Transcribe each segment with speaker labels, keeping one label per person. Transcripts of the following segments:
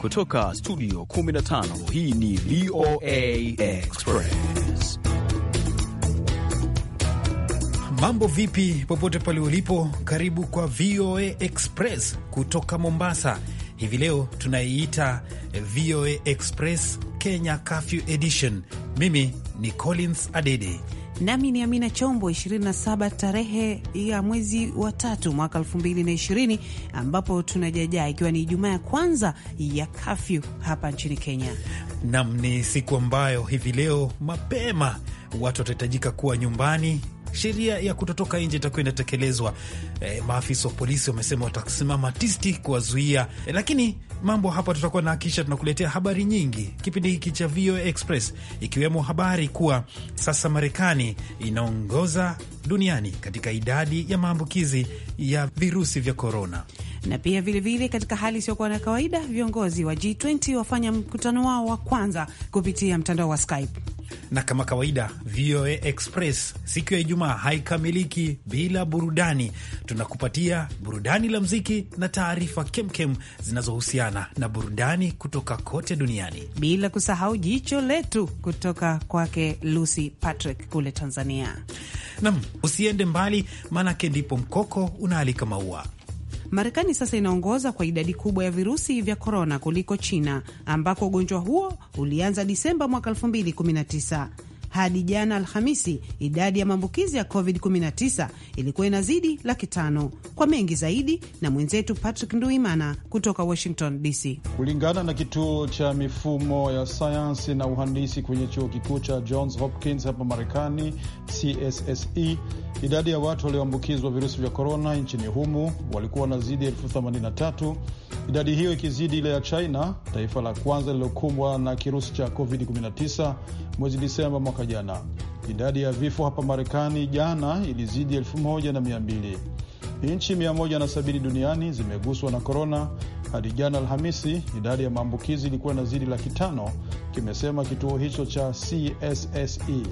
Speaker 1: Kutoka studio 15 hii ni VOA Express. Mambo vipi, popote pale ulipo, karibu kwa VOA Express kutoka Mombasa. Hivi leo tunaiita VOA Express Kenya Curfew Edition. Mimi ni Collins Adede
Speaker 2: nami ni Amina Chombo, 27 tarehe ya mwezi wa tatu mwaka 2020, ambapo tunajajaa ikiwa ni Ijumaa ya kwanza ya kafyu hapa nchini Kenya.
Speaker 1: Nam, ni siku ambayo hivi leo mapema watu watahitajika kuwa nyumbani sheria ya kutotoka nje itakuwa inatekelezwa. E, maafisa wa polisi wamesema watasimama tisti kuwazuia e, lakini mambo hapa tutakuwa na hakikisha tunakuletea habari nyingi kipindi hiki cha VOA Express, ikiwemo habari kuwa sasa Marekani inaongoza duniani katika idadi ya maambukizi ya virusi vya korona
Speaker 2: na pia vilevile vile katika hali isiyokuwa na kawaida viongozi wa G20 wafanya mkutano wao wa kwanza kupitia mtandao wa Skype.
Speaker 1: Na kama kawaida, VOA Express siku ya Ijumaa haikamiliki bila burudani. Tunakupatia burudani la mziki na taarifa kemkem zinazohusiana na burudani kutoka kote duniani,
Speaker 2: bila kusahau jicho letu kutoka kwake Lucy Patrick kule Tanzania.
Speaker 1: Nam, usiende mbali, maanake ndipo
Speaker 2: mkoko unaalika maua. Marekani sasa inaongoza kwa idadi kubwa ya virusi vya korona kuliko China ambako ugonjwa huo ulianza Disemba mwaka 2019. Hadi jana Alhamisi, idadi ya maambukizi ya COVID-19 ilikuwa inazidi
Speaker 3: laki tano. Kwa mengi zaidi
Speaker 2: na mwenzetu Patrick Nduimana kutoka Washington DC.
Speaker 3: Kulingana na kituo cha mifumo ya sayansi na uhandisi kwenye chuo kikuu cha Johns Hopkins hapa Marekani, CSSE, Idadi ya watu walioambukizwa virusi vya korona nchini humo walikuwa na zidi elfu themanini na tatu, idadi hiyo ikizidi ile ya China, taifa la kwanza lililokumbwa na kirusi cha COVID-19 mwezi Disemba mwaka jana. Idadi ya vifo hapa Marekani jana ilizidi elfu moja na mia mbili. Nchi sabini duniani zimeguswa na korona. Hadi jana Alhamisi, idadi ya maambukizi ilikuwa na zidi laki tano, kimesema kituo hicho cha CSSE.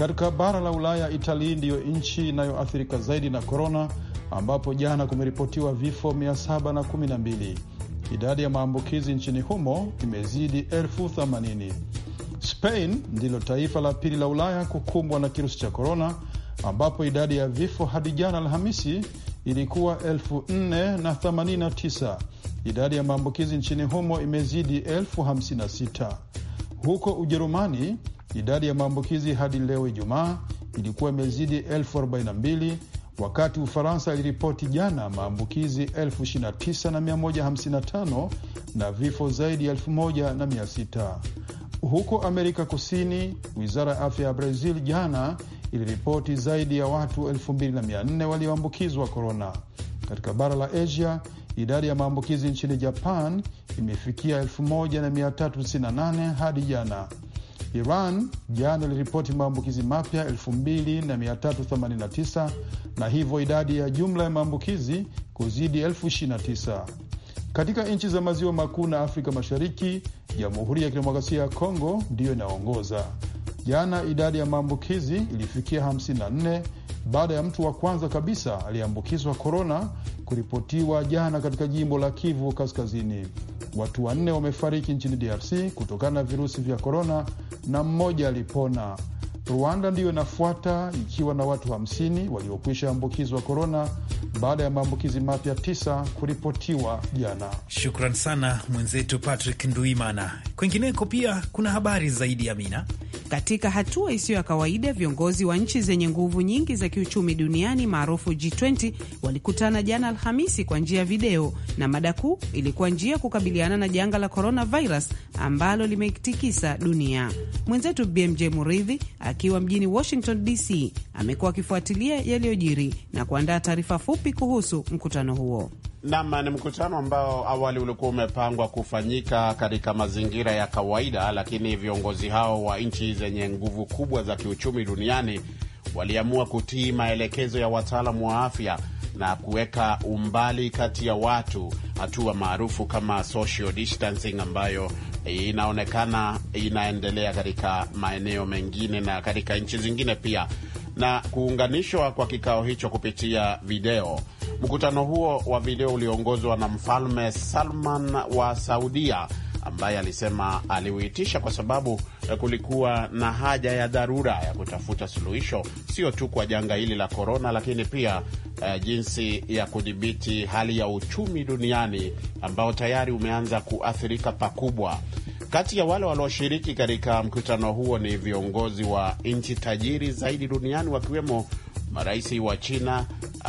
Speaker 3: Katika bara la Ulaya, Italii ndiyo nchi inayoathirika zaidi na korona, ambapo jana kumeripotiwa vifo 712. Idadi ya maambukizi nchini humo imezidi elfu themanini. Spain ndilo taifa la pili la Ulaya kukumbwa na kirusi cha korona, ambapo idadi ya vifo hadi jana Alhamisi ilikuwa elfu nne na themanini na tisa. Idadi ya maambukizi nchini humo imezidi elfu hamsini na sita. Huko Ujerumani, Idadi ya maambukizi hadi leo Ijumaa ilikuwa imezidi elfu wakati Ufaransa iliripoti jana maambukizi 29155 na vifo zaidi ya 1600. Huko Amerika Kusini, wizara ya afya ya Brazil jana iliripoti zaidi ya watu 2400 walioambukizwa korona. Katika bara la Asia, idadi ya maambukizi nchini Japan imefikia 1398 hadi jana. Iran jana iliripoti maambukizi mapya 2389 na, na hivyo idadi ya jumla ya maambukizi kuzidi 29 Katika nchi za maziwa makuu na Afrika Mashariki, Jamhuri ya, ya Kidemokrasia ya Kongo ndiyo inaongoza. Jana idadi ya maambukizi ilifikia 54 baada ya mtu wa kwanza kabisa aliyeambukizwa korona kuripotiwa jana katika jimbo la Kivu Kaskazini. Watu wanne wamefariki nchini DRC kutokana na virusi vya korona na mmoja alipona. Rwanda ndiyo inafuata ikiwa na watu 50 waliokwisha ambukizwa korona baada ya maambukizi mapya tisa kuripotiwa jana.
Speaker 1: Shukran sana
Speaker 2: mwenzetu Patrick Nduimana. Kwingineko pia kuna habari zaidi, mina katika hatua isiyo ya kawaida, viongozi wa nchi zenye nguvu nyingi za kiuchumi duniani maarufu G20 walikutana jana Alhamisi kwa njia ya video, na mada kuu ilikuwa njia ya kukabiliana na janga la coronavirus ambalo limetikisa dunia. Mwenzetu BMJ Muridhi akiwa mjini Washington DC amekuwa akifuatilia yaliyojiri na kuandaa taarifa fupi kuhusu mkutano huo.
Speaker 4: Nam, ni mkutano ambao awali ulikuwa umepangwa kufanyika katika mazingira ya kawaida, lakini viongozi hao wa nchi zenye nguvu kubwa za kiuchumi duniani waliamua kutii maelekezo ya wataalamu wa afya na kuweka umbali kati ya watu, hatua maarufu kama social distancing, ambayo inaonekana inaendelea katika maeneo mengine na katika nchi zingine pia. Na kuunganishwa kwa kikao hicho kupitia video Mkutano huo wa video uliongozwa na Mfalme Salman wa Saudia ambaye alisema aliuitisha kwa sababu eh, kulikuwa na haja ya dharura ya kutafuta suluhisho, sio tu kwa janga hili la korona, lakini pia uh, jinsi ya kudhibiti hali ya uchumi duniani ambao tayari umeanza kuathirika pakubwa. Kati ya wale walioshiriki katika mkutano huo ni viongozi wa nchi tajiri zaidi duniani wakiwemo marais wa China,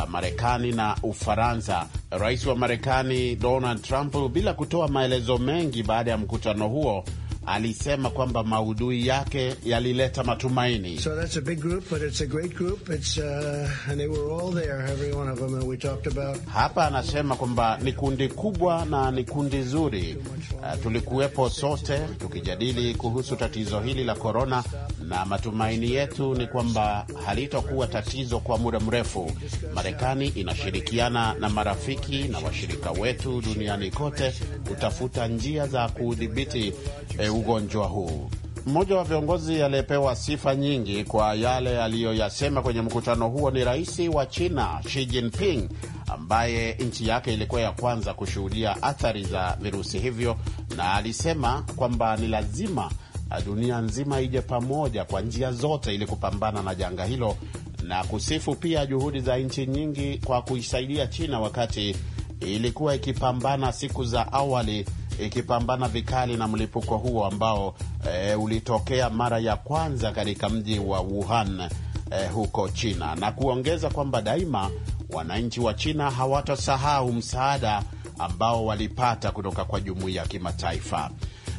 Speaker 4: Marekani na Ufaransa. Rais wa Marekani Donald Trump, bila kutoa maelezo mengi baada ya mkutano huo alisema kwamba maudhui yake yalileta matumaini. So
Speaker 5: that's a big group, but it's a great group. It's, uh, and they were all there, every one of them we talked about.
Speaker 4: Hapa anasema kwamba ni kundi kubwa na ni kundi zuri. Uh, tulikuwepo sote tukijadili kuhusu tatizo hili la korona, na matumaini yetu ni kwamba halitokuwa tatizo kwa muda mrefu. Marekani inashirikiana na marafiki na washirika wetu duniani kote kutafuta njia za kudhibiti e, ugonjwa huu. Mmoja wa viongozi aliyepewa sifa nyingi kwa yale aliyoyasema kwenye mkutano huo ni rais wa China Xi Jinping, ambaye nchi yake ilikuwa ya kwanza kushuhudia athari za virusi hivyo, na alisema kwamba ni lazima dunia nzima ije pamoja kwa njia zote ili kupambana na janga hilo, na kusifu pia juhudi za nchi nyingi kwa kuisaidia China wakati ilikuwa ikipambana siku za awali ikipambana vikali na mlipuko huo ambao e, ulitokea mara ya kwanza katika mji wa Wuhan e, huko China, na kuongeza kwamba daima wananchi wa China hawatasahau msaada ambao walipata kutoka kwa jumuiya ya kimataifa.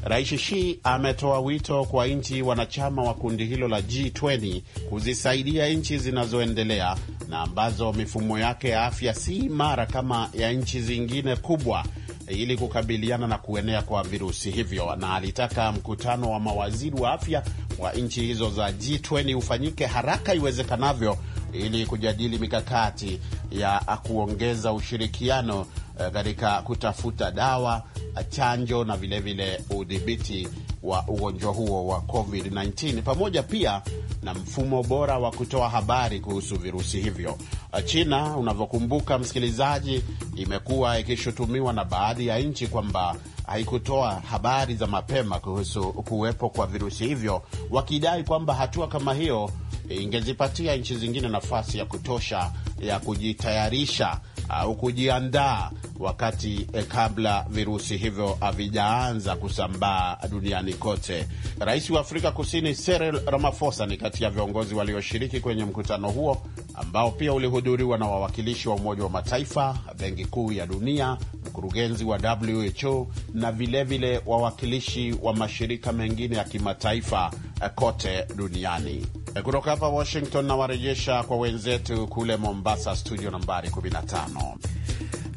Speaker 4: Rais Xi ametoa wito kwa nchi wanachama wa kundi hilo la G20 kuzisaidia nchi zinazoendelea na ambazo mifumo yake ya afya si imara kama ya nchi zingine kubwa ili kukabiliana na kuenea kwa virusi hivyo, na alitaka mkutano wa mawaziri wa afya wa nchi hizo za G20 ufanyike haraka iwezekanavyo ili kujadili mikakati ya kuongeza ushirikiano Eh, katika kutafuta dawa, chanjo na vilevile udhibiti wa ugonjwa huo wa COVID-19 pamoja pia na mfumo bora wa kutoa habari kuhusu virusi hivyo. Eh, China, unavyokumbuka msikilizaji, imekuwa ikishutumiwa na baadhi ya nchi kwamba haikutoa habari za mapema kuhusu kuwepo kwa virusi hivyo, wakidai kwamba hatua kama hiyo ingezipatia nchi zingine nafasi ya kutosha ya kujitayarisha au kujiandaa wakati eh, kabla virusi hivyo havijaanza kusambaa duniani kote. Rais wa Afrika Kusini Cyril Ramaphosa ni kati ya viongozi walioshiriki kwenye mkutano huo ambao pia ulihudhuriwa na wawakilishi wa Umoja wa Mataifa, Benki Kuu ya Dunia, mkurugenzi wa WHO na vilevile wawakilishi wa mashirika mengine ya kimataifa Eh, kote duniani. Eh, kutoka hapa Washington nawarejesha kwa wenzetu kule Mombasa, studio nambari 15.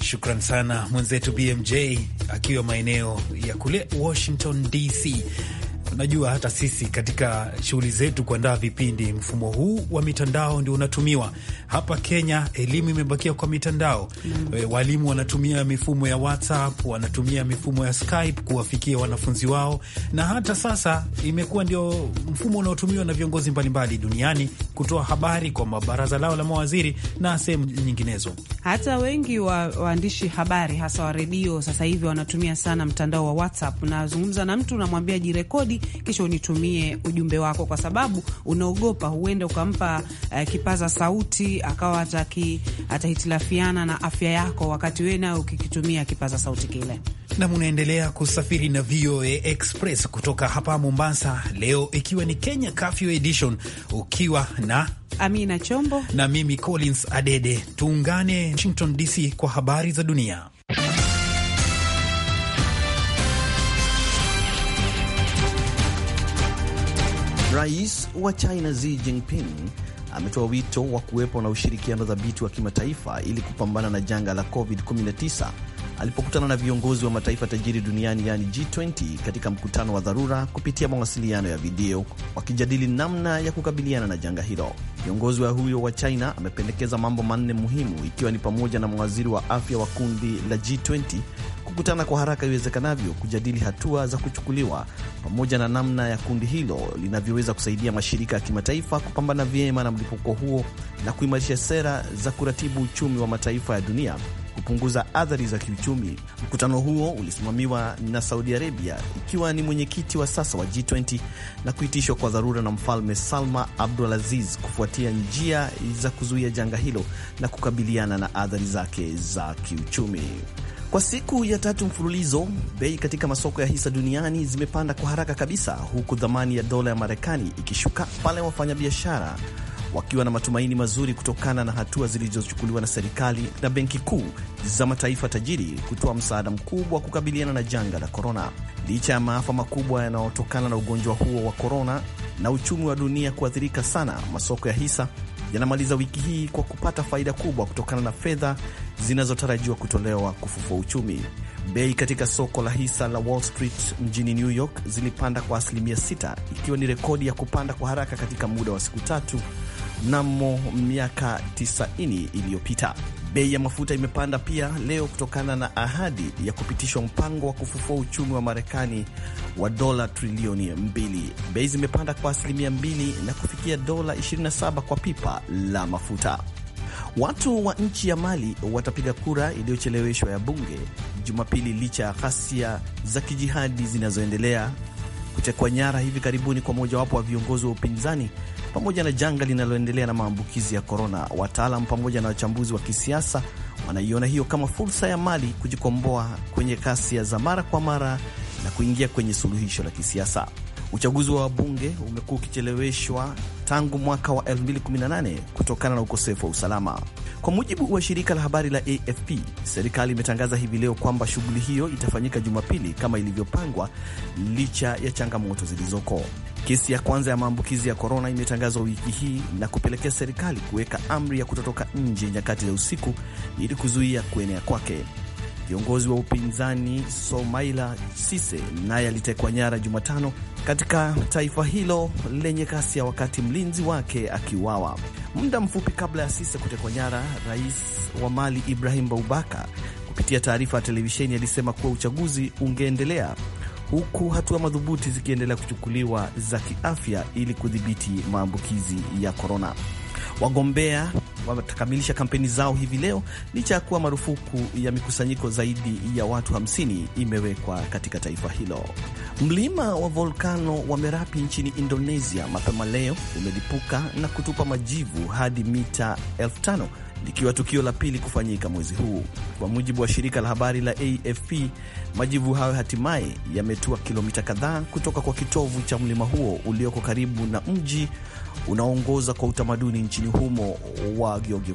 Speaker 1: Shukran sana mwenzetu BMJ akiwa maeneo ya kule Washington DC. Unajua, hata sisi katika shughuli zetu kuandaa vipindi, mfumo huu wa mitandao ndio unatumiwa, hapa Kenya elimu imebakia kwa mitandao mm. E, walimu wanatumia mifumo ya WhatsApp, wanatumia mifumo ya Skype kuwafikia wanafunzi wao, na hata sasa imekuwa ndio mfumo unaotumiwa na viongozi mbalimbali duniani kutoa habari kwa mabaraza lao la mawaziri na sehemu nyinginezo.
Speaker 2: Hata wengi wa waandishi habari hasa wa redio sasa hivi wanatumia sana mtandao wa WhatsApp. Unazungumza na mtu unamwambia, jirekodi kisha unitumie ujumbe wako, kwa sababu unaogopa huenda ukampa uh, kipaza sauti akawa ataki, atahitilafiana na afya yako wakati wewe nayo ukikitumia kipaza sauti kile.
Speaker 1: Nam, unaendelea kusafiri na VOA Express kutoka hapa Mombasa, leo ikiwa ni Kenya Curfew Edition, ukiwa na Amina Chombo na mimi Collins Adede. Tuungane Washington DC kwa habari za dunia.
Speaker 6: Rais wa China Xi Jinping ametoa wito wa kuwepo na ushirikiano dhabiti wa kimataifa ili kupambana na janga la COVID-19 alipokutana na viongozi wa mataifa tajiri duniani yaani G20 katika mkutano wa dharura kupitia mawasiliano ya video wakijadili namna ya kukabiliana na janga hilo. Kiongozi wa huyo wa China amependekeza mambo manne muhimu, ikiwa ni pamoja na mawaziri wa afya wa kundi la G20 kukutana kwa haraka iwezekanavyo kujadili hatua za kuchukuliwa pamoja na namna ya kundi hilo linavyoweza kusaidia mashirika ya kimataifa kupambana vyema na mlipuko huo na kuimarisha sera za kuratibu uchumi wa mataifa ya dunia kupunguza athari za kiuchumi. Mkutano huo ulisimamiwa na Saudi Arabia ikiwa ni mwenyekiti wa sasa wa G20 na kuitishwa kwa dharura na Mfalme Salma Abdulaziz kufuatia njia za kuzuia janga hilo na kukabiliana na athari zake za kiuchumi. Kwa siku ya tatu mfululizo, bei katika masoko ya hisa duniani zimepanda kwa haraka kabisa, huku dhamani ya dola ya Marekani ikishuka pale wafanyabiashara wakiwa na matumaini mazuri kutokana na hatua zilizochukuliwa na serikali na benki kuu za mataifa tajiri kutoa msaada mkubwa wa kukabiliana na janga la korona. Licha ya maafa makubwa yanayotokana na ugonjwa huo wa korona na uchumi wa dunia kuathirika sana, masoko ya hisa yanamaliza wiki hii kwa kupata faida kubwa kutokana na fedha zinazotarajiwa kutolewa kufufua uchumi. Bei katika soko la hisa la Wall Street mjini New York zilipanda kwa asilimia 6 ikiwa ni rekodi ya kupanda kwa haraka katika muda wa siku tatu mnamo miaka 90 iliyopita. Bei ya mafuta imepanda pia leo kutokana na ahadi ya kupitishwa mpango wa kufufua uchumi wa Marekani wa dola trilioni 2. Bei zimepanda kwa asilimia 2 na kufikia dola 27 kwa pipa la mafuta. Watu wa nchi ya Mali watapiga kura iliyocheleweshwa ya bunge Jumapili licha ya ghasia za kijihadi zinazoendelea, kutekwa nyara hivi karibuni kwa mojawapo wa viongozi wa upinzani pamoja na janga linaloendelea na maambukizi ya korona. Wataalam pamoja na wachambuzi wa kisiasa wanaiona hiyo kama fursa ya Mali kujikomboa kwenye kasia za mara kwa mara na kuingia kwenye suluhisho la kisiasa. Uchaguzi wa wabunge umekuwa ukicheleweshwa tangu mwaka wa 2018 kutokana na ukosefu wa usalama. Kwa mujibu wa shirika la habari la AFP, serikali imetangaza hivi leo kwamba shughuli hiyo itafanyika Jumapili kama ilivyopangwa, licha ya changamoto zilizoko. Kesi ya kwanza ya maambukizi ya korona imetangazwa wiki hii na kupelekea serikali kuweka amri ya kutotoka nje nyakati za usiku ili kuzuia kuenea kwake. Kiongozi wa upinzani Somaila sise naye alitekwa nyara Jumatano katika taifa hilo lenye kasi ya wakati mlinzi wake akiuawa. Muda mfupi kabla ya sise kutekwa nyara, rais wa Mali Ibrahim Boubacar kupitia taarifa ya televisheni alisema kuwa uchaguzi ungeendelea huku hatua madhubuti zikiendelea kuchukuliwa za kiafya ili kudhibiti maambukizi ya korona. Wagombea watakamilisha kampeni zao hivi leo licha ya kuwa marufuku ya mikusanyiko zaidi ya watu 50 imewekwa katika taifa hilo. Mlima wa volkano wa Merapi nchini Indonesia mapema leo umelipuka na kutupa majivu hadi mita elfu tano likiwa tukio la pili kufanyika mwezi huu. Kwa mujibu wa shirika la habari la AFP, majivu hayo hatimaye yametua kilomita kadhaa kutoka kwa kitovu cha mlima huo ulioko karibu na mji unaoongoza kwa utamaduni nchini humo wa Giorgio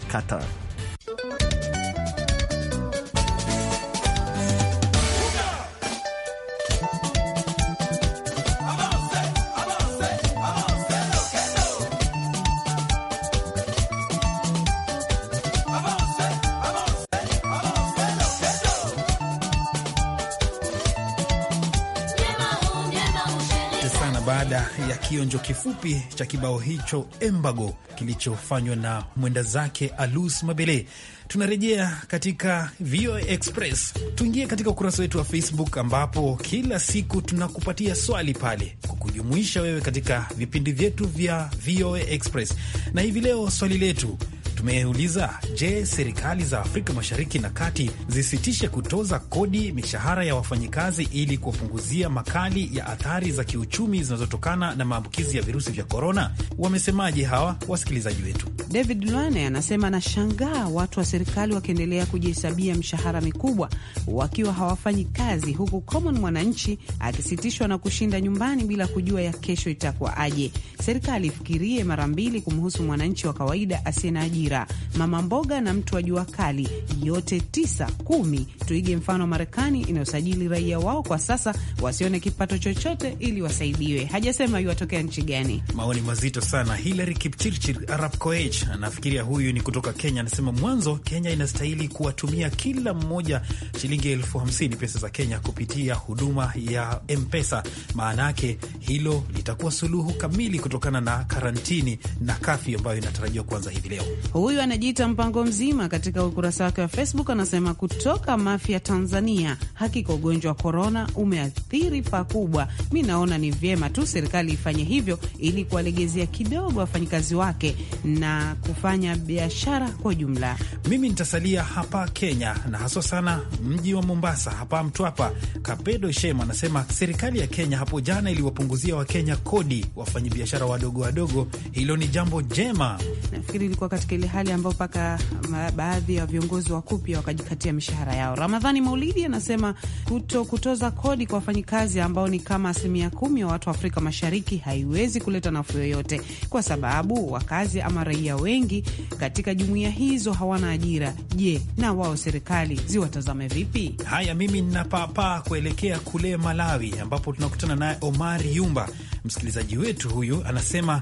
Speaker 1: baada ya kionjo kifupi cha kibao hicho Embago kilichofanywa na mwenda zake Alus Mabele. Tunarejea katika VOA Express. Tuingie katika ukurasa wetu wa Facebook ambapo kila siku tunakupatia swali pale kukujumuisha wewe katika vipindi vyetu vya VOA Express, na hivi leo swali letu tumeuliza, je, serikali za Afrika Mashariki na Kati zisitishe kutoza kodi mishahara ya wafanyikazi ili kuwapunguzia makali ya athari za kiuchumi zinazotokana na maambukizi ya virusi vya korona. Wamesemaje hawa wasikilizaji wetu?
Speaker 2: David Lane anasema anashangaa watu wa serikali wakiendelea kujihesabia mishahara mikubwa wakiwa hawafanyi kazi, huku common mwananchi akisitishwa na kushinda nyumbani bila kujua ya kesho itakuwa aje. Serikali ifikirie mara mbili kumhusu mwananchi wa kawaida asiye na ajira. Majira, Mama Mboga na Mtu wa Jua Kali, yote tisa kumi. Tuige mfano wa Marekani inayosajili raia wao kwa sasa wasione kipato chochote ili wasaidiwe. Hajasema yuwatokea nchi gani.
Speaker 1: Maoni mazito sana. Hilary Kipchirchir Arab Koech anafikiria huyu ni kutoka Kenya, anasema mwanzo Kenya inastahili kuwatumia kila mmoja shilingi elfu hamsini pesa za Kenya kupitia huduma ya Mpesa. Maana yake hilo litakuwa suluhu kamili kutokana na karantini na kafi ambayo inatarajiwa kuanza hivi leo.
Speaker 2: Huyu anajiita mpango mzima. Katika ukurasa wake wa Facebook anasema kutoka Mafia, Tanzania, hakika ugonjwa wa korona umeathiri pakubwa. Mi naona ni vyema tu serikali ifanye hivyo ili kuwalegezea kidogo wafanyikazi wake na kufanya biashara kwa jumla. Mimi nitasalia
Speaker 1: hapa Kenya na haswa sana mji wa Mombasa, hapa Mtwapa. Kapedo Shema anasema serikali ya Kenya hapo jana iliwapunguzia Wakenya kodi wafanyabiashara wadogo wadogo, hilo ni jambo jema.
Speaker 2: Nafikiri ilikuwa katika ile hali ambayo mpaka baadhi ya viongozi wakuu pia wakajikatia mishahara yao. Ramadhani Maulidi anasema kuto kutoza kodi kwa wafanyikazi ambao ni kama asilimia kumi ya watu wa Afrika Mashariki haiwezi kuleta nafuu yoyote, kwa sababu wakazi ama raia wengi katika jumuiya hizo hawana ajira. Je, na wao serikali ziwatazame vipi?
Speaker 1: Haya, mimi ninapapaa kuelekea kule Malawi ambapo tunakutana naye Omari Yumba, msikilizaji wetu huyu anasema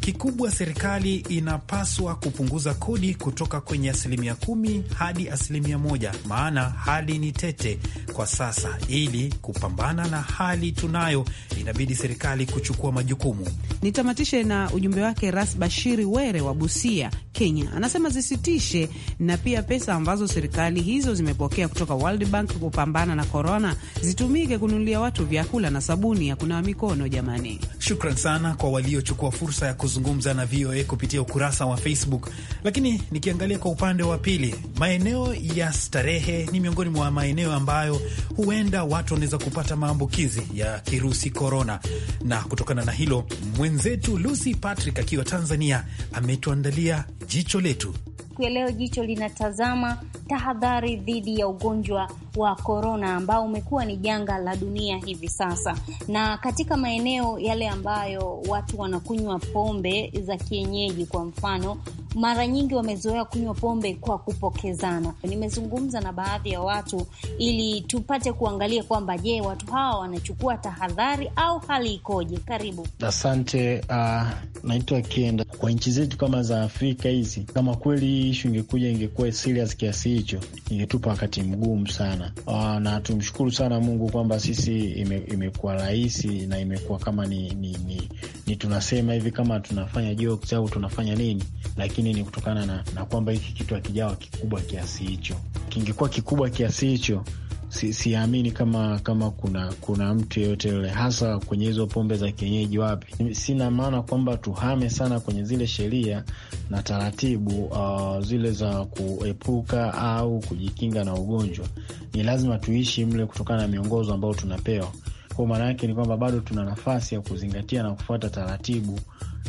Speaker 1: Kikubwa, serikali inapaswa kupunguza kodi kutoka kwenye asilimia kumi hadi asilimia moja, maana hali ni tete kwa sasa. Ili kupambana na hali tunayo, inabidi serikali kuchukua majukumu.
Speaker 2: Nitamatishe na ujumbe wake Ras Bashiri Were wa Busia, Kenya, anasema zisitishe na pia pesa ambazo serikali hizo zimepokea kutoka World Bank kupambana na korona zitumike kununulia watu vyakula na sabuni ya kunawa mikono. Jamani,
Speaker 1: shukran sana kwa waliochukua fursa ya kuzungumza na VOA kupitia ukurasa wa Facebook. Lakini nikiangalia kwa upande wa pili, maeneo ya starehe ni miongoni mwa maeneo ambayo huenda watu wanaweza kupata maambukizi ya kirusi korona, na kutokana na hilo mwenzetu Lucy Patrick akiwa Tanzania ametuandalia jicho letu
Speaker 7: siku ya leo jicho linatazama
Speaker 1: tahadhari dhidi ya ugonjwa wa korona ambao umekuwa ni janga la dunia hivi sasa, na katika maeneo yale ambayo watu wanakunywa pombe za kienyeji, kwa mfano, mara nyingi wamezoea kunywa pombe kwa kupokezana. Nimezungumza na baadhi ya watu ili tupate kuangalia kwamba, je, watu hawa
Speaker 8: wanachukua tahadhari au hali ikoje? Karibu.
Speaker 7: Asante. Uh, naitwa Kienda. Kwa nchi zetu kama za Afrika hizi, kama kweli ishu ingekuja ingekuwa serious kiasi hicho, ingetupa wakati mgumu sana. Uh, na tumshukuru sana Mungu kwamba sisi ime, imekuwa rahisi na imekuwa kama ni, ni, ni, ni tunasema hivi kama tunafanya jokes au tunafanya nini, lakini ni kutokana na, na kwamba hiki kitu hakijawa kikubwa kiasi hicho. Kingekuwa kikubwa kiasi hicho si, siamini kama kama kuna kuna mtu yeyote yule, hasa kwenye hizo pombe za kienyeji wapi. Sina maana kwamba tuhame sana kwenye zile sheria na taratibu uh, zile za kuepuka au kujikinga na ugonjwa. Ni lazima tuishi mle kutokana na miongozo ambayo tunapewa. Kwa maana yake ni kwamba bado tuna nafasi ya kuzingatia na kufuata taratibu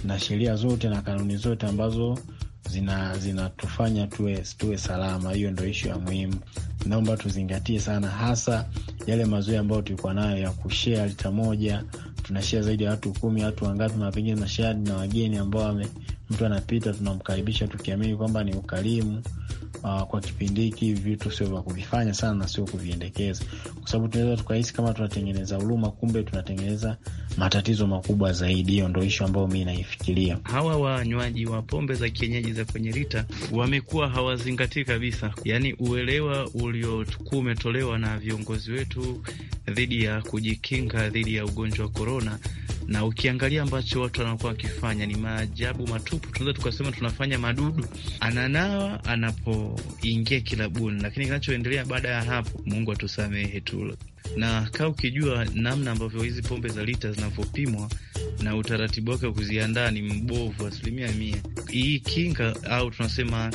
Speaker 7: na sheria zote na kanuni zote ambazo zinatufanya zina tuwe, tuwe salama. Hiyo ndo ishu ya muhimu, naomba tuzingatie sana, hasa yale mazoea ambayo tulikuwa nayo ya kushea lita moja, tunashea zaidi ya watu kumi, watu wangapi, na pengine tunashea na wageni ambao mtu anapita, tunamkaribisha tukiamini kwamba ni ukarimu uh, kwa kipindi hiki vitu sio vya kuvifanya sana na sio kuviendekeza, kwa sababu tunaweza tukahisi kama tunatengeneza huruma, kumbe tunatengeneza matatizo makubwa zaidi. Hiyo ndo ishu ambayo mi naifikiria.
Speaker 6: Hawa wanywaji wa pombe za kienyeji za kwenye rita wamekuwa hawazingatii kabisa, yaani uelewa uliokuwa umetolewa na viongozi wetu dhidi ya kujikinga dhidi ya ugonjwa wa korona na ukiangalia ambacho watu wanakuwa wakifanya ni maajabu matupu, tunaweza tukasema tunafanya madudu. Ananawa anapoingia kilabuni, lakini kinachoendelea baada ya hapo, Mungu atusamehe tu na kaa ukijua namna ambavyo hizi pombe za lita zinavyopimwa na utaratibu wake wa kuziandaa ni mbovu asilimia mia. Hii kinga au tunasema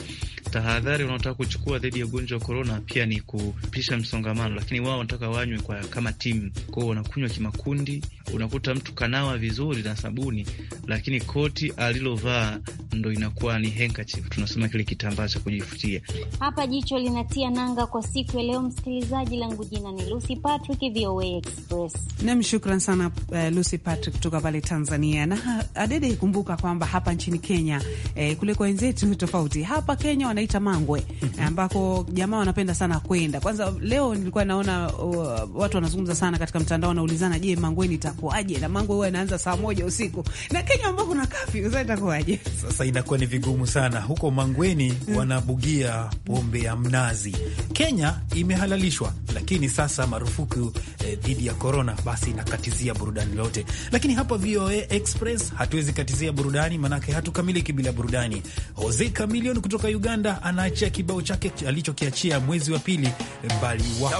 Speaker 6: tahadhari wanaotaka kuchukua dhidi ya ugonjwa wa korona pia ni kupisha msongamano, lakini wao wanataka wanywe kwa kama timu, kwao wanakunywa kimakundi. Unakuta mtu kanawa vizuri na sabuni, lakini koti alilovaa ndo inakuwa ni handkerchief, tunasema kile kitambaa cha kujifutia.
Speaker 1: Hapa jicho linatia nanga kwa siku ya leo, msikilizaji. Langu jina ni Lucy Patrick, VOA Express.
Speaker 2: Nam, shukran sana uh, Lucy Patrick kutoka pale Tanzania. Na Adede, kumbuka kwamba hapa nchini Kenya eh, kule kwa wenzetu tofauti. Hapa Kenya wana wanaita Mangwe mhm. ambako jamaa wanapenda sana kwenda. Kwanza leo nilikuwa naona uh, watu wanazungumza sana katika mtandao, wanaulizana je, Mangweni itakuwaje? Na Mangwe huwa inaanza saa moja usiku na Kenya ambao kuna kafi, sasa itakuwaje?
Speaker 1: Sasa inakuwa ni vigumu sana huko Mangweni, mm. wanabugia pombe ya mnazi. Kenya imehalalishwa, lakini sasa marufuku eh, dhidi eh, ya korona, basi inakatizia burudani lote. Lakini hapa VOA Express hatuwezi katizia burudani, manake hatukamiliki bila burudani. Jose Kamilion kutoka Uganda anaachia kibao chake alichokiachia mwezi wa pili mbali wa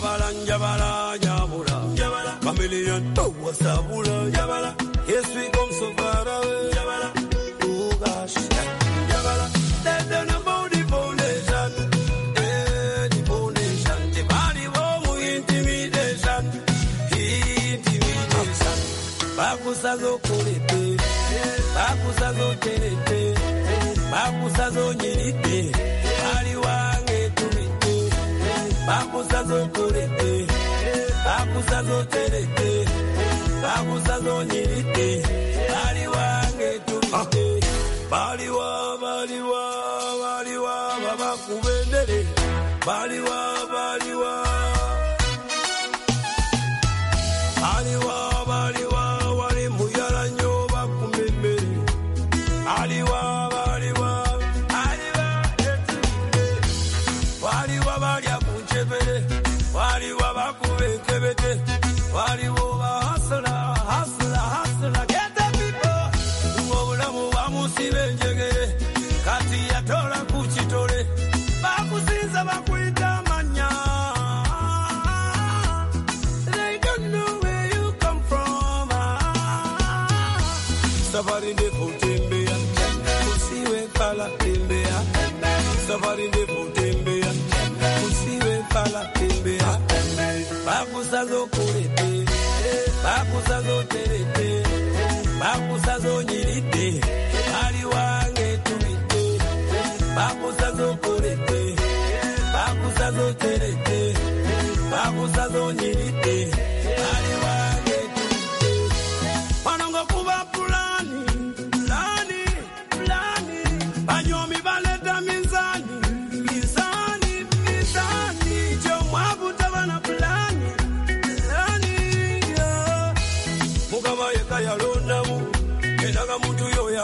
Speaker 5: Bakusazo eh, nyerite akuzazo kurete akuzazo terete akuzazo nyirite baliwange turite baliwa baliwa baliwa babakubendere baliwa baliwa baliwa What do you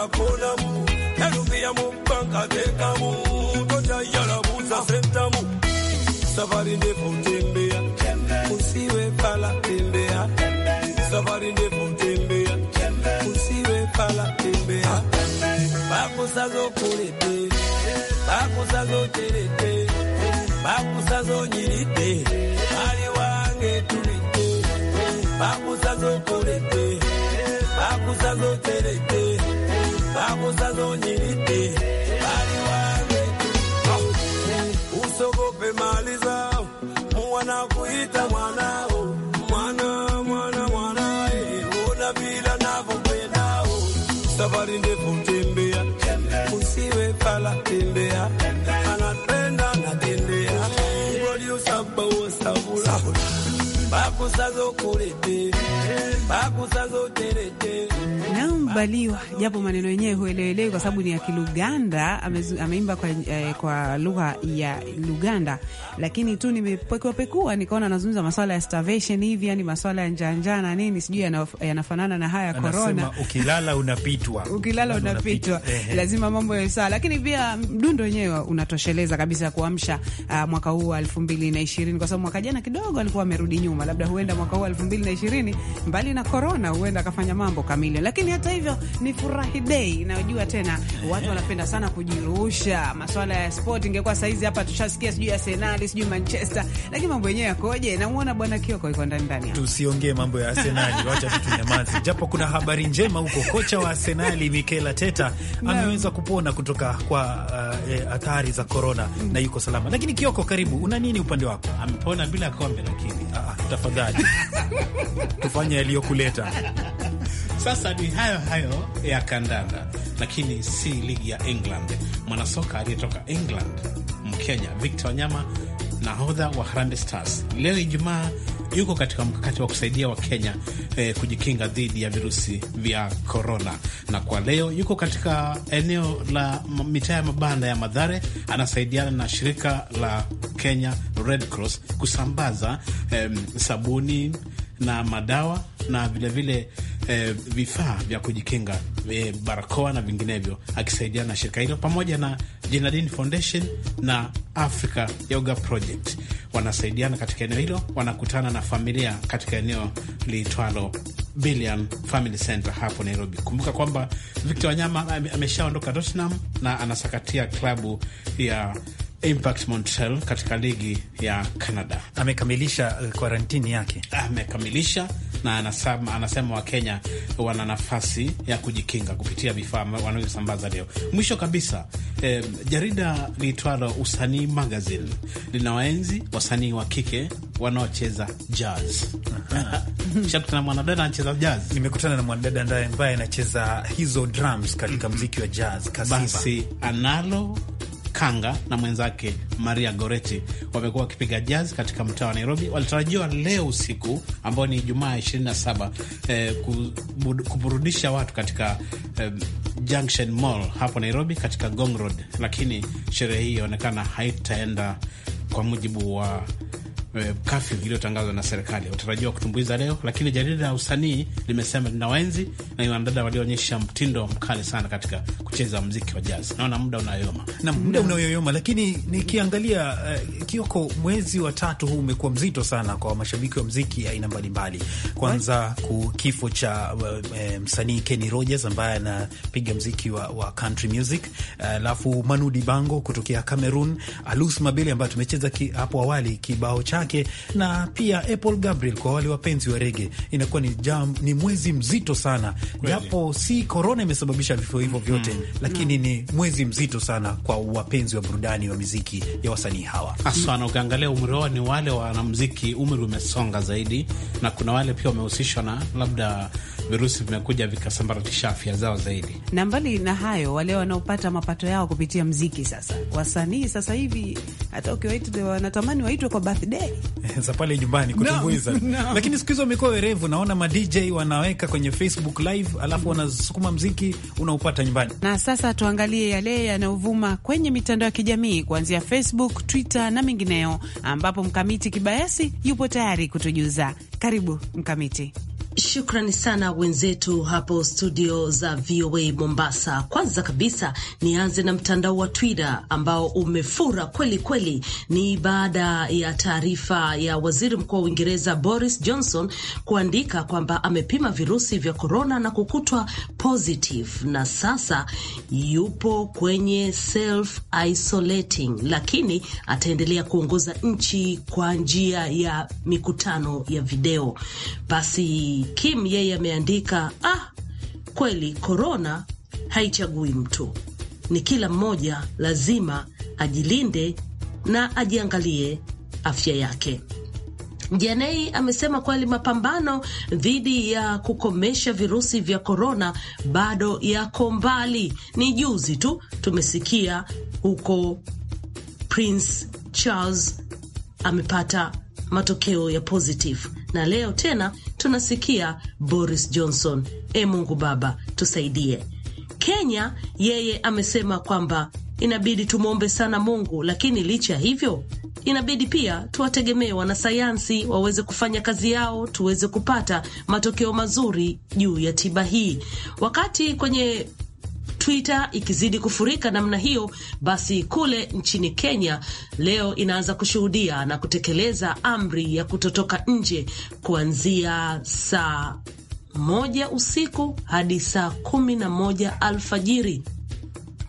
Speaker 5: konamu narumbia mu tekamu toja sentamu safari ndefu tembea usiwe fala tembea safari ndefu tembea usiwe fala tembea bakusazo kulete bakusazo ali wange tulite bakusazo kulete akuzazonyirite bali wawe usogope mali zao muwanakuita mwana
Speaker 2: Naumbaliwa japo maneno yenyewe huelewelewi kwa sababu ni ya Kiluganda, ameimba kwa, eh, kwa lugha ya Luganda, lakini tu nimepekuapekua nikaona anazungumza maswala ya starvation hivi, yani maswala ya njanjaa na nini, sijui yanafanana na haya ya korona.
Speaker 1: Ukilala unapitwa, ukilala unapitwa, lazima
Speaker 2: mambo yawe sawa, lakini pia mdundo wenyewe unatosheleza kabisa kuamsha uh, mwaka huu wa elfu mbili na ishirini kwa sababu mwaka jana kidogo alikuwa amerudi nyuma labda huenda mwaka huu 2020 mbali na korona, huenda akafanya mambo kamili. Lakini hata hivyo ni furahi dei inayojua tena, watu wanapenda sana kujirusha maswala ya sport. Ingekuwa saizi hapa tushasikia sijui Arsenal sijui Manchester, lakini mambo yenyewe yakoje? Namuona bwana Kioko yuko ndani ndani, tusiongee mambo ya Arsenal, wacha tunyamaze,
Speaker 1: japo kuna habari njema huko. Kocha wa Arsenali Mikel Arteta ameweza kupona kutoka kwa uh, eh, athari za korona na yuko salama. Lakini Kioko, karibu,
Speaker 9: una nini upande wako? Amepona bila kombe, lakini ah, ah, tafadhali msikilizaji, tufanye yaliyokuleta. Sasa ni hayo hayo ya kandanda, lakini si ligi ya England. Mwanasoka aliyetoka England, Mkenya Victor Wanyama, nahodha wa Harambee Stars, leo Ijumaa yuko katika mkakati wa kusaidia Wakenya eh, kujikinga dhidi ya virusi vya korona, na kwa leo yuko katika eneo la mitaa ya mabanda ya Madhare, anasaidiana na shirika la Kenya Red Cross kusambaza eh, sabuni na madawa na vilevile eh, vifaa vya kujikinga eh, barakoa na vinginevyo, akisaidiana na shirika hilo pamoja na Jenadin Foundation na Africa Yoga Project wanasaidiana katika eneo hilo, wanakutana na familia katika eneo liitwalo Billion Family Center hapo Nairobi. Kumbuka kwamba Victor Wanyama ameshaondoka Tottenham na anasakatia klabu ya Impact Montreal katika ligi ya Canada. Amekamilisha kwarantini eh, yake, amekamilisha na anasema, anasema Wakenya wana nafasi ya kujikinga kupitia vifaa wanavyosambaza leo. Mwisho kabisa, eh, jarida liitwalo Usanii Magazine linawaenzi wasanii wa kike wanaocheza jazz. Shakutana mwanadada anacheza jazz, nimekutana na mwanadada ndaye ambaye anacheza hizo drums katika mziki wa jazz kasiba, basi analo Kanga na mwenzake Maria Goretti wamekuwa wakipiga jazi katika mtaa wa Nairobi. Walitarajiwa leo usiku ambao ni Jumaa 27 eh, kuburudisha watu katika eh, Junction Mall hapo Nairobi katika Gong Road, lakini sherehe hii inaonekana haitaenda kwa mujibu wa kafyu eh, iliyotangazwa na serikali utarajiwa kutumbuiza leo, lakini jarida la usanii limesema lina wenzi na wanadada walioonyesha mtindo mkali sana katika kucheza mziki wa jazz. Naona muda unayoyoma
Speaker 1: na muda unayoyoma, lakini nikiangalia uh, Kioko, mwezi wa tatu huu umekuwa mzito sana kwa mashabiki wa mziki aina mbalimbali. Kwanza kifo cha uh, msanii Kenny Rogers ambaye anapiga mziki wa, wa country music, alafu uh, Manu Dibango kutokea Cameroon, Alus Mabili ambaye tumecheza hapo awali kibao cha yake, na pia Apple Gabriel kwa wale wapenzi wa rege. Inakuwa ni, jam, ni mwezi mzito sana Japo si korona imesababisha vifo hivyo mm-hmm. vyote mm. Lakini
Speaker 9: mm. ni mwezi mzito sana kwa wapenzi wa
Speaker 1: burudani wa miziki ya wasanii hawa haswa, na
Speaker 9: ukiangalia umri wao ni wale wanamuziki, umri umesonga zaidi, na kuna wale pia wamehusishwa na labda virusi vimekuja vikasambaratisha afya zao zaidi.
Speaker 2: Na mbali na hayo, wale wanaopata mapato yao kupitia mziki, sasa wasanii sasa hivi hata ukiwaita wanatamani waitwe kwa birthday
Speaker 1: za pale nyumbani kutumbuiza no, no. Lakini siku hizi wamekuwa werevu, naona ma DJ wanaweka kwenye Facebook live alafu wanasukuma mziki unaupata nyumbani.
Speaker 2: Na sasa tuangalie yale yanayovuma kwenye mitandao ya kijamii kuanzia Facebook, Twitter na mengineo,
Speaker 8: ambapo Mkamiti Kibayasi yupo tayari kutujuza. Karibu Mkamiti. Shukrani sana wenzetu hapo studio za VOA Mombasa. Kwanza kabisa nianze na mtandao wa Twitter ambao umefura kweli kweli. Ni baada ya taarifa ya waziri mkuu wa Uingereza Boris Johnson kuandika kwamba amepima virusi vya korona na kukutwa positive, na sasa yupo kwenye self isolating, lakini ataendelea kuongoza nchi kwa njia ya mikutano ya video. Basi Kim yeye ameandika ah, kweli korona haichagui mtu, ni kila mmoja lazima ajilinde na ajiangalie afya yake. Janei amesema kweli mapambano dhidi ya kukomesha virusi vya korona bado yako mbali. Ni juzi tu tumesikia huko Prince Charles amepata matokeo ya positive na leo tena tunasikia Boris Johnson. E Mungu Baba, tusaidie. Kenya yeye amesema kwamba inabidi tumwombe sana Mungu, lakini licha ya hivyo inabidi pia tuwategemee wanasayansi waweze kufanya kazi yao, tuweze kupata matokeo mazuri juu ya tiba hii. Wakati kwenye Twitter ikizidi kufurika namna hiyo, basi kule nchini Kenya leo inaanza kushuhudia na kutekeleza amri ya kutotoka nje kuanzia saa moja usiku hadi saa kumi na moja alfajiri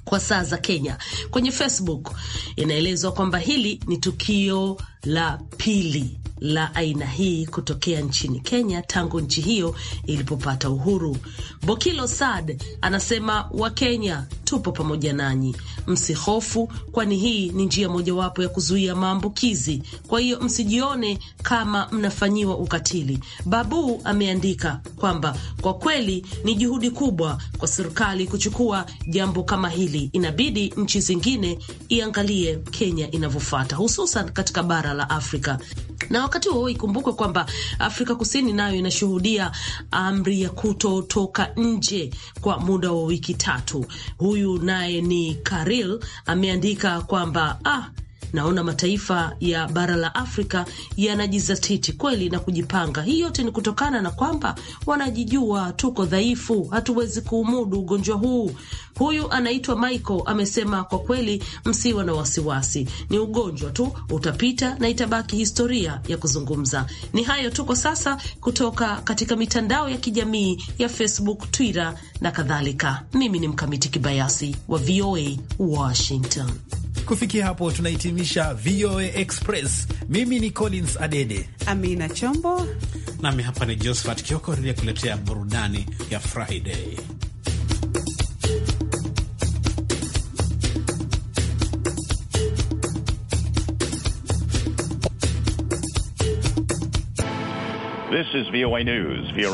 Speaker 8: kwa saa za Kenya. Kwenye Facebook inaelezwa kwamba hili ni tukio la pili la aina hii kutokea nchini Kenya tangu nchi hiyo ilipopata uhuru. Bokilo Sad anasema Wakenya tupo pamoja nanyi, msihofu, kwani hii ni njia mojawapo ya kuzuia maambukizi. Kwa hiyo msijione kama mnafanyiwa ukatili. Babu ameandika kwamba kwa kweli ni juhudi kubwa kwa serikali kuchukua jambo kama hili, inabidi nchi zingine iangalie Kenya inavyofata, hususan katika bara la Afrika na Wakati huo ikumbukwe kwamba Afrika Kusini nayo inashuhudia amri ya kutotoka nje kwa muda wa wiki tatu. Huyu naye ni Karil ameandika kwamba ah, naona mataifa ya bara la Afrika yanajizatiti kweli na kujipanga. Hii yote ni kutokana na kwamba wanajijua, tuko dhaifu, hatuwezi kuumudu ugonjwa huu. Huyu anaitwa Michael amesema, kwa kweli msiwa na wasiwasi, ni ugonjwa tu, utapita na itabaki historia ya kuzungumza. Ni hayo tu kwa sasa kutoka katika mitandao ya kijamii ya Facebook, Twitter na kadhalika. Mimi ni Mkamiti Kibayasi wa VOA Washington. Kufikia hapo tunahitimisha VOA Express.
Speaker 9: Mimi ni Collins Adede,
Speaker 2: Amina Chombo
Speaker 9: nami hapa ni Josephat Kioko niliyekuletea burudani ya Friday.
Speaker 7: This is VOA News.